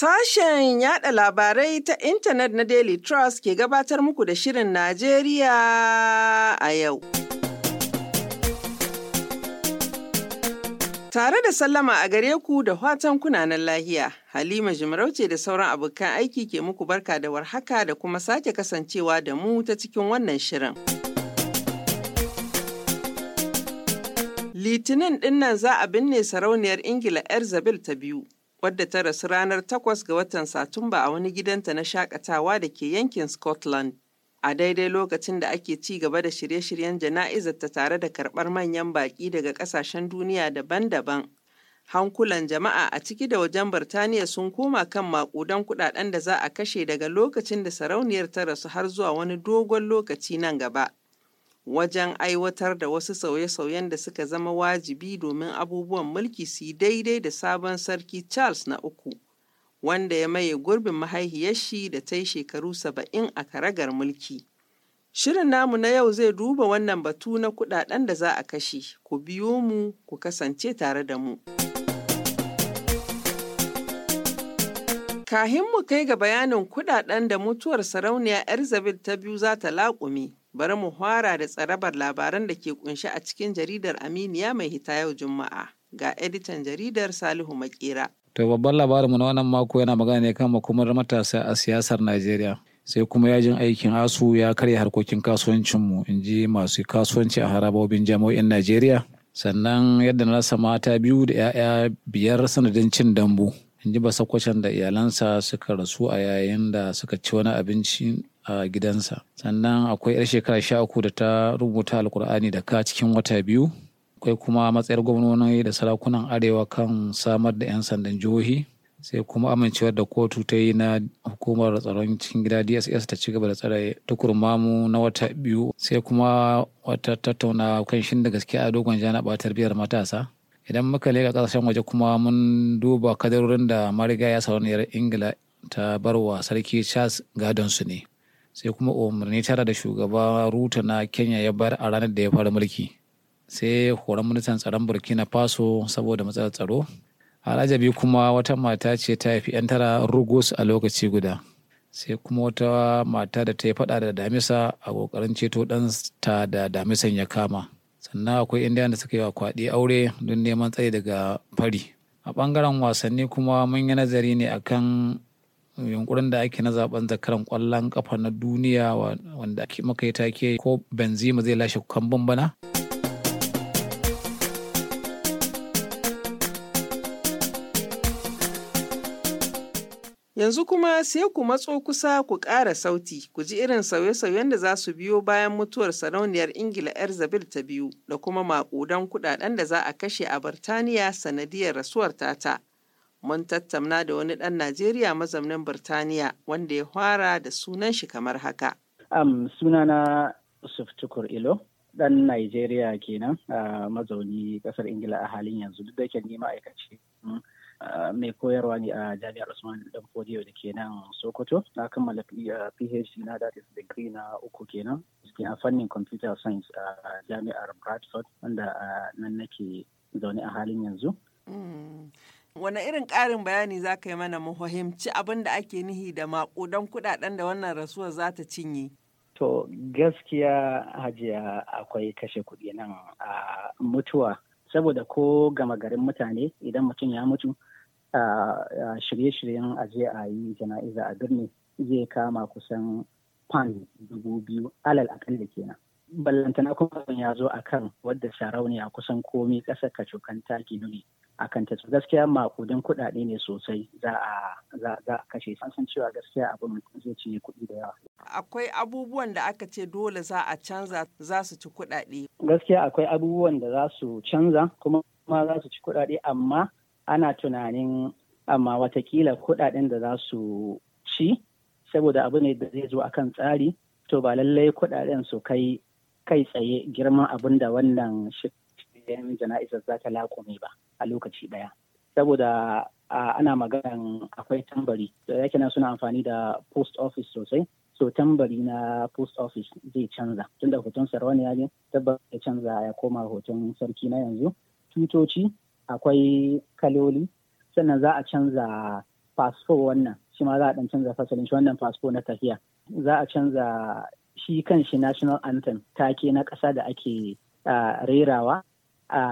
Sashen yada labarai ta intanet na Daily Trust ke gabatar muku da Shirin Najeriya a yau. Tare da sallama a gare ku da watan kunanan lahiya, Halima Jimarauce da sauran abokan aiki ke muku barka da warhaka da kuma sake kasancewa da mu ta cikin wannan shirin. Litinin ɗinnan za a binne sarauniyar Ingila 'yar ta biyu. wadda ta rasu ranar 8 ga watan Satumba a wani gidanta na shakatawa da ke yankin Scotland. A daidai lokacin da ake ci gaba da shirye-shiryen jana'izarta tare da karɓar manyan baƙi daga ƙasashen duniya daban-daban. Hankulan jama'a a ciki da wajen Birtaniya sun koma kan maƙudan kuɗaɗen da za a kashe daga lokacin da sarauniyar ta rasu har zuwa wani dogon lokaci nan gaba. wajen aiwatar da wasu sauye-sauyen da suka zama wajibi domin abubuwan mulki su yi daidai da sabon sarki Charles na uku, wanda ya maye gurbin mahaihiyar da ta yi shekaru saba'in a karagar mulki. Shirin namu na yau zai duba wannan batu na kudaden da za a kashe, ku biyo mu ku kasance tare da mu. Kahin mu kai ga bayanin kudaden da mutuwar sarauniya Elizabeth ta biyu za ta laƙume. bari mu hwara da tsarabar labaran da ke kunshi a cikin jaridar Aminiya mai hita yau Juma'a ga editan jaridar Salihu Makera. To babban labarinmu na wannan mako yana magana ne kan makomar matasa a siyasar Najeriya. Sai kuma yajin aikin ASU ya karya harkokin kasuwancinmu in ji masu kasuwanci a harabobin jami'o'in Najeriya. Sannan yadda na rasa mata biyu da 'ya'ya biyar sanadin cin dambu. in ji basakwacin da iyalansa suka rasu a yayin da suka ci wani abinci a gidansa sannan akwai 'yar shekara sha uku da ta rubuta alkur'ani da ka cikin wata biyu akwai kuma matsayar gwamnoni da sarakunan arewa kan samar da 'yan sandan jihohi sai kuma amincewar da kotu ta yi na hukumar tsaron cikin gida dss ta ci gaba da tsare tukurmamu na wata biyu sai kuma wata tattauna kan shin da gaske a dogon jana batar biyar matasa idan muka leka kasashen waje kuma mun duba kadarorin da mariga ya sauniyar ingila ta barwa sarki charles gadon su ne sai kuma umarni tara da shugaba ruta na kenya ya bar a ranar da ya fara mulki sai horon ministan tsaron burkina faso saboda matsalar tsaro alajabi kuma wata mata ce ta haifi 'yan tara rugus a lokaci guda sai kuma wata mata da ta yi fada da damisa a kokarin ceto ɗansa da damisan ya kama sannan akwai indiya da suka yi wa kwaɗi aure don neman tsaye daga fari a ɓangaren wasanni kuma mun yi nazari ne akan yunkurin da ake na zaben zakaran kwallon kafa na duniya wanda muka yi take ko benzema zai lashe kambun bana. bana Yanzu kuma sai ku matso kusa ku ƙara sauti, ku ji irin sauye-sauyen da za su biyo bayan mutuwar sarauniyar Ingila Elizabeth ta biyu da kuma maƙudan kuɗaɗen da za a kashe a Birtaniya sanadiyar rasuwar tata. Mun tattauna da wani ɗan Najeriya mazaunin Birtaniya wanda ya fara da sunan shi kamar haka. Um, sunana suftukur Ilo. dan Najeriya kenan a ah, mazauni ƙasar Ingila a halin yanzu duk da ke ni ma'aikaci mm, Ah, mai koyarwa ne a jami'ar Usman Dan da ke nan Sokoto. Na kammala PhD ah, na that is degree na uku kenan. Cikin a fannin computer science a jami'ar Bradford wanda ah, nan nake zaune a halin yanzu. Hmm. Wane irin ƙarin bayani za ka yi mana mu abin da ake nihi da maƙudan kuɗaɗen da wannan rasuwar za ta cinye? To gaskiya hajiya akwai kashe kuɗi nan a mutuwa saboda ko gama garin mutane idan mutum ya mutu a shirye-shiryen aje a yi jana'iza a birni zai kama kusan pound dubu biyu alal akalla kenan ballantana kuma ya zo a kan wadda a kusan komi ƙasar kacokan taki nuni a kan ta gaskiya makudin kuɗaɗe ne sosai za a kashe san cewa gaskiya abin zai ci kuɗi da yawa akwai abubuwan da aka ce dole za a canza za su ci kuɗaɗe gaskiya akwai abubuwan da za su canza kuma ma za su ci kuɗaɗe amma ana tunanin amma watakila kuɗaɗen da za su ci saboda abu ne da zai zo akan tsari to ba lallai kuɗaɗen su kai kai tsaye girman abin da wannan shirin jana'izar za ta lakome ba a lokaci daya Saboda ana maganan akwai tambari, da yake nan suna amfani da post office sosai, so tambari na post office zai canza tunda hoton ya ne tabbas ya canza ya koma hoton sarki na yanzu tutoci akwai kaloli sannan za a canza fasfo wannan shi ma za a dan canza fasalin shi wannan fasfo na tafiya za a canza shi kan shi national anthem take na ƙasa da ake rerawa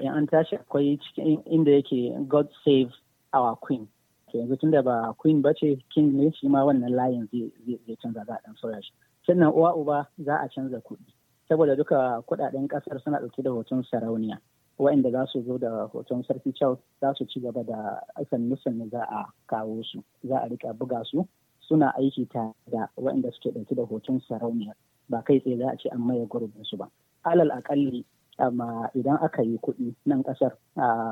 in an tashi akwai cikin inda yake god save our queen Yanzu yanzu da ba queen ba ce king ne shi ma wannan layin zai canza za a dan sauya shi sannan uwa uba za a canza kuɗi saboda duka kuɗaɗen ƙasar suna ɗauke da hoton sarauniya waɗanda za su zo da hoton sarki Charles za su ci gaba da sannu sannu za a kawo su za a rika buga su suna aiki tare da waɗanda suke ɗauke da hoton sarauniya ba kai tsaye za a ce an maye gurbin su ba alal akalli amma idan aka yi kuɗi nan ƙasar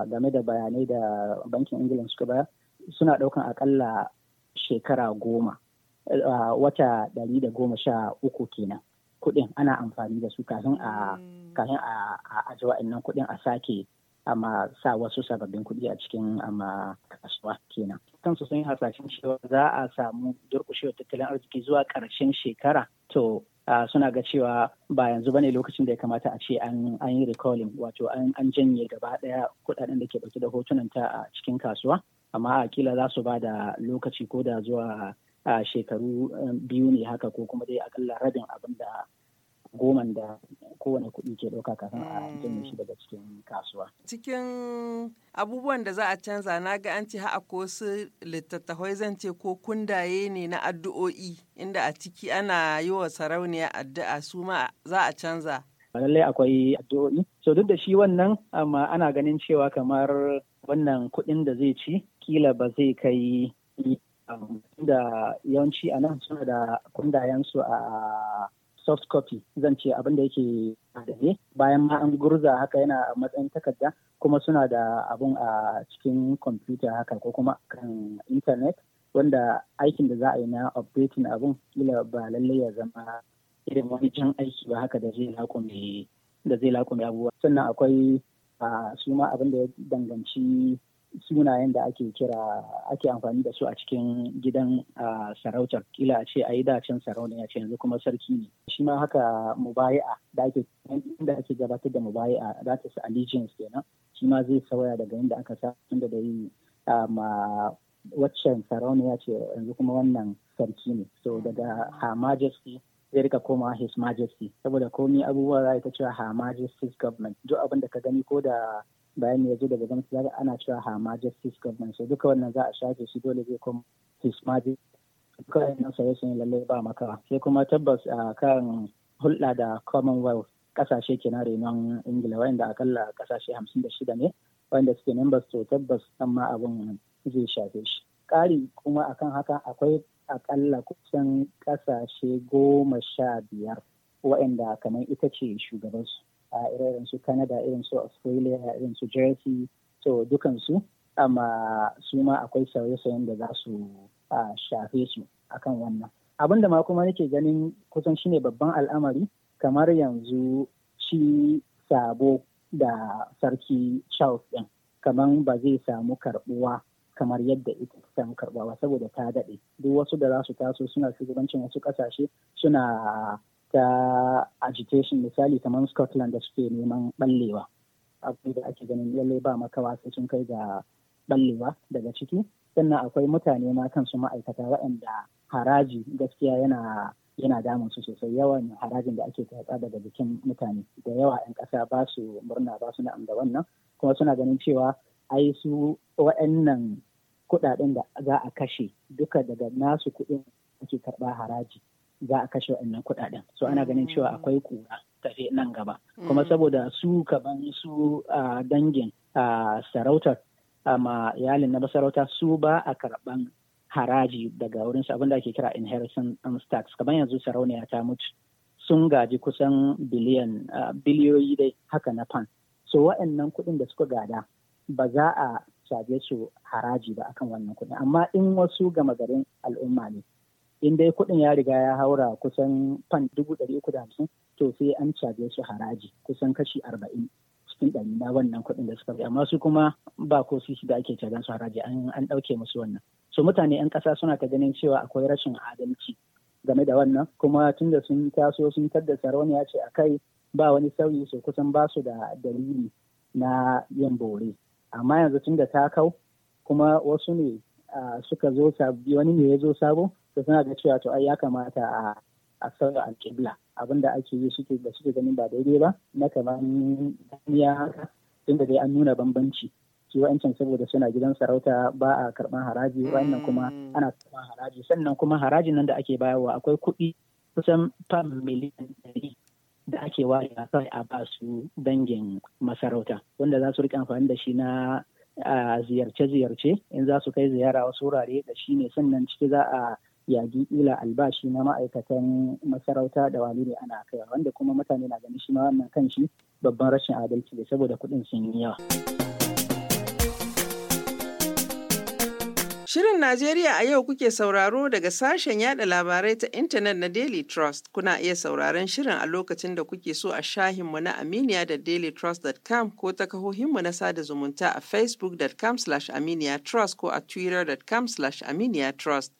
game da bayanai da bankin ingila suka baya suna ɗaukan akalla shekara goma wata ɗari da goma sha uku kenan kuɗin ana amfani da su kafin a mm. kafin a wa'annan kuɗin a sake amma sa wasu sababbin kuɗi a cikin amma kasuwa kenan kansu sun yi hasashen cewa za a samu durƙushewar tattalin arziki zuwa ƙarshen shekara to Ah, suna ga cewa ba yanzu bane lokacin da ya kamata a ce an yi recalling wato an janye gaba daya kudaden da ke dauke da hotunan ta a cikin kasuwa amma a kila za su ba da lokaci ko da zuwa ah, shekaru eh, biyu ne haka ko kuma dai akalla rabin abin da goman da kowane kuɗi ke ɗauka kafin a mm. janye shi daga cikin kasuwa. Cikin abubuwan da za a canza na ga an ce ha'a ko su littattafai zan ce ko kundaye ne na addu'o'i inda a ciki ana yi wa sarauniya addu'a su ma za a canza. Lallai akwai addu'o'i. So duk da shi wannan amma ana ganin cewa kamar wannan kuɗin da zai ci kila ba zai kai um, da yawanci a nan suna da kundayensu a soft copy zan ce abin da yake ne bayan ma an gurza haka yana a matsayin takarda kuma suna da abun a cikin kwamfuta haka ko kuma kan intanet wanda aikin da za a yi na updating abun kila ba lallai ya zama irin wani can aiki ba haka da zai lakume abubuwa sannan akwai a su ma abin da ya danganci sunayen da ake kira ake amfani da su a cikin gidan sarautar kila a ce a yi dacin sarauniya ce yanzu kuma sarki ne shi ma haka mubaya da ake inda ake gabatar da mubaya da ta su allegiance kenan shi ma zai sauya daga inda aka sa inda da yi ma waccan sarauniya ce yanzu kuma wannan sarki ne so daga her majesty zai rika koma his majesty saboda komi abubuwa za ta cewa her majesty's government duk abin da ka gani ko da bayan ya zo daga gwamnati zaga ana cewa ma justice government so duka wannan za a shafe shi dole zai kuma his majesty duka wannan sai sauye lallai ba makawa sai kuma tabbas a kan hulɗa da commonwealth kasashe kenan renon ingila wanda akalla kasashe hamsin da shida ne wanda suke members to tabbas amma abin zai shafe shi ƙari kuma akan haka akwai akalla kusan kasashe goma sha biyar waɗanda kamar ita ce shugabansu a irin su Canada irin su Australia irin su Jersey to dukansu amma su ma akwai sauye-sauyen da za su shafe su akan wannan abin da ma kuma nake ganin kusan shi ne babban al'amari kamar yanzu shi sabo da sarki Charles ɗin kamar ba zai samu karɓuwa kamar yadda ita ta samu karɓuwa saboda ta daɗe duk wasu da za su taso suna shugabancin wasu ƙasashe suna ta agitation misali kamar Scotland da suke neman ballewa. Akwai da ake ganin lallai ba makawa sai sun kai ga ballewa daga ciki. Sannan akwai mutane ma kansu ma'aikata waɗanda haraji gaskiya yana yana damun su sosai yawan harajin da ake tatsa daga jikin mutane da yawa 'yan ƙasa ba su murna ba su na'am da wannan kuma suna ganin cewa ai su waɗannan kuɗaɗen da za a kashe duka daga nasu kuɗin ake karɓa haraji za a kashe wannan kuɗaɗen so ana ganin cewa mm. akwai kura tafe nan gaba kuma mm. saboda su kaban su dangin sarautar ma iyalin na sarauta, su ba a karɓan haraji daga wurin su abinda ake kira inheritance um, tax Kaban yanzu sarauniya ta mutu sun gaji kusan biliyan biliyoyi dai haka na fan so wa'annan kuɗin da suka gada ba za a sabe su haraji ba akan wannan kuɗin amma in wasu gama garin al'umma ne in dai kuɗin ya riga ya haura kusan fan dubu ɗari uku da hamsin to sai an caje su haraji kusan kashi arba'in cikin ɗari na wannan kuɗin da suka biya amma su kuma ba ko su da ake cajan su haraji an ɗauke musu wannan so mutane 'yan ƙasa suna ta ganin cewa akwai rashin adalci game da wannan kuma tun da sun taso sun tadda sarauniya ce a kai ba wani sauyi so kusan ba su da dalili na yin bore amma yanzu tun da ta kau kuma wasu ne ah, suka zo sabi wani ne ya zo sabo sai suna ga cewa to ai ya kamata a a sauya alƙibla abin da ake yi suke da suke ganin ba daidai ba na kamar duniya haka tunda dai an nuna bambanci shi wa'ancan saboda suna gidan sarauta ba a karɓar haraji wa'annan kuma mm. ana karɓar haraji sannan kuma harajin nan da ake bayarwa akwai kuɗi kusan fam miliyan ɗari da ake warewa kawai a ba su dangin masarauta wanda za su riƙe amfani da shi na a ziyarce-ziyarce in za su kai ziyara wasu wurare da shi ne sannan ciki za a yagi ila albashi na ma'aikatan masarauta da wani ne ana kai wanda kuma mutane na ganin shi ma wannan kan shi babban rashin adalci ne saboda kuɗin sun yi yawa. Shirin Najeriya a yau kuke sauraro daga sashen yada labarai ta intanet na Daily Trust. Kuna iya sauraron shirin a lokacin da kuke so a shahinmu na Aminiya da dailytrust.com ko ta kahohinmu na sada zumunta a facebook.com/aminiya trust ko a twitter.com/aminiya trust.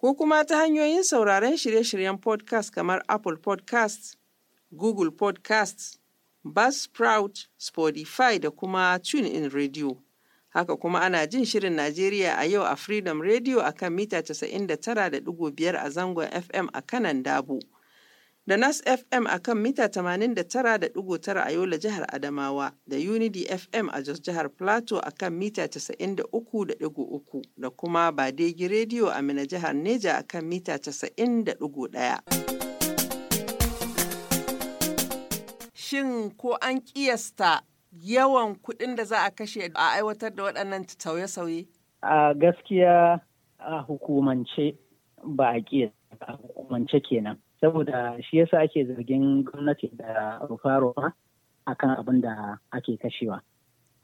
ko kuma ta hanyoyin sauraron shirye-shiryen podcast kamar Apple podcast, Google podcast, Buzzsprout, Spotify da kuma TuneIn Radio. Haka kuma ana jin shirin Najeriya a yau a Freedom Radio a kan mita 99.5 a zangon FM a kanan Dabo. da Nas FM a kan mita 89.9 a Yola jihar Adamawa da Unity FM a Jos jihar Plateau a kan mita 93.3 da kuma Badegi Radio a Mina jihar Neja a kan mita 90.1. Shin ko an kiyasta yawan kuɗin da za a kashe a aiwatar da waɗannan sauye-sauye? A gaskiya a hukumance ba a kiyasta a hukumance kenan. saboda shi yasa ake zargin gwamnati da rufa-rufa akan abin da ake kashewa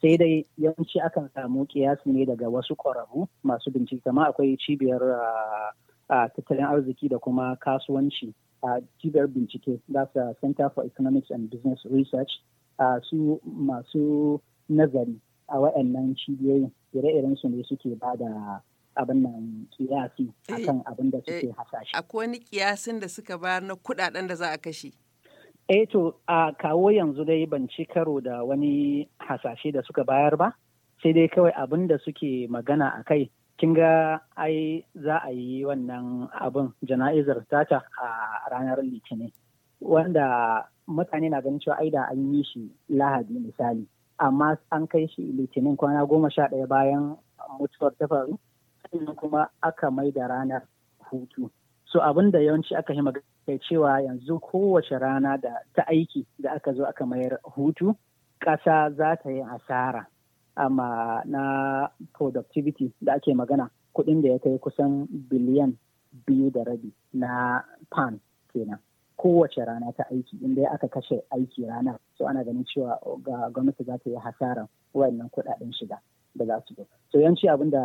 sai dai yawanci akan samu kiyasi ne daga wasu ƙwararru masu bincike kama akwai cibiyar ah, ah, tattalin arziki da kuma kasuwanci a ah, cibiyar bincike that's center for economics and business research su masu nazari a waɗannan cibiyoyin ire-iren su ne suke ba da abin nan kiyasi eh, akan abin da suke eh, hasashe. Akwai wani kiyasin da suka bayar na kudaden da za a kashe? Eh to a kawo yanzu dai ban ci karo da wani hasashe da suka bayar ba sai dai kawai abin da suke magana a kai kin ga ai za a yi wannan abin jana'izar tata a ranar litinin wanda mutane na ganin cewa ai da an yi shi lahadi misali amma an kai shi litinin kwana goma sha ɗaya bayan mutuwar ta faru sannan kuma aka mai da ranar hutu so abin da yawanci aka yi magana cewa yanzu kowace rana da ta aiki da aka zo aka mayar hutu ƙasa za ta yi hasara, amma na productivity da ake magana kuɗin da ya kai kusan biliyan biyu da rabi na pan kenan kowace rana ta aiki inda aka kashe aiki ranar so ana ganin cewa ga gwamnati za ta yi hasara wannan kuɗaɗen shiga da za su so yanci abin da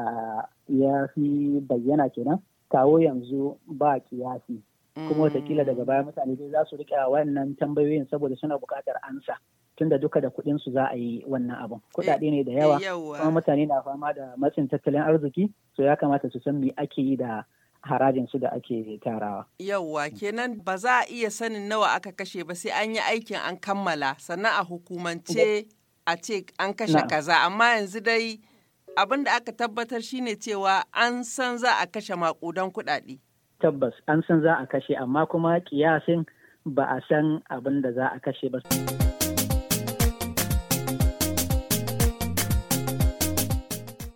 ya fi bayyana kenan kawo yanzu ba kiyasi kuma mm. watakila daga baya mutane dai za su riƙe wannan tambayoyin saboda suna buƙatar ansa tunda duka da kuɗin su za a yi wannan abun eh, kuɗaɗe ne da yawa kuma mutane na fama da matsin tattalin arziki so ya kamata su san me ake yi da harajin su da ake tarawa. Yawwa kenan ba za a iya sanin nawa aka kashe ba sai an yi aikin an kammala sannan a hukumance a ce an kashe kaza amma yanzu dai abin da aka tabbatar shine cewa an san za a kashe makudan kuɗaɗe. Tabbas an san za a kashe amma kuma kiyasin ba a san abin da za a kashe ba.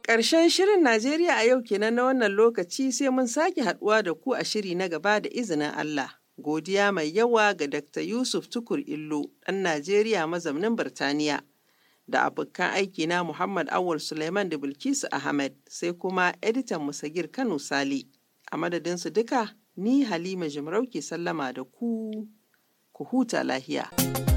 Ƙarshen shirin Najeriya a yau kenan na wannan lokaci sai mun sake haɗuwa da ku a shiri na gaba da izinin Allah. Godiya mai yawa ga Dr. Yusuf Tukur Illo, ɗan Najeriya mazaunin Birtaniya. da abokan aiki na Muhammad Awul Suleiman da Bilkisu Ahmed sai kuma editan Musagir Kano Sali. A madadinsu duka, ni Halima Jimarauke sallama da ku, ku huta lahiya.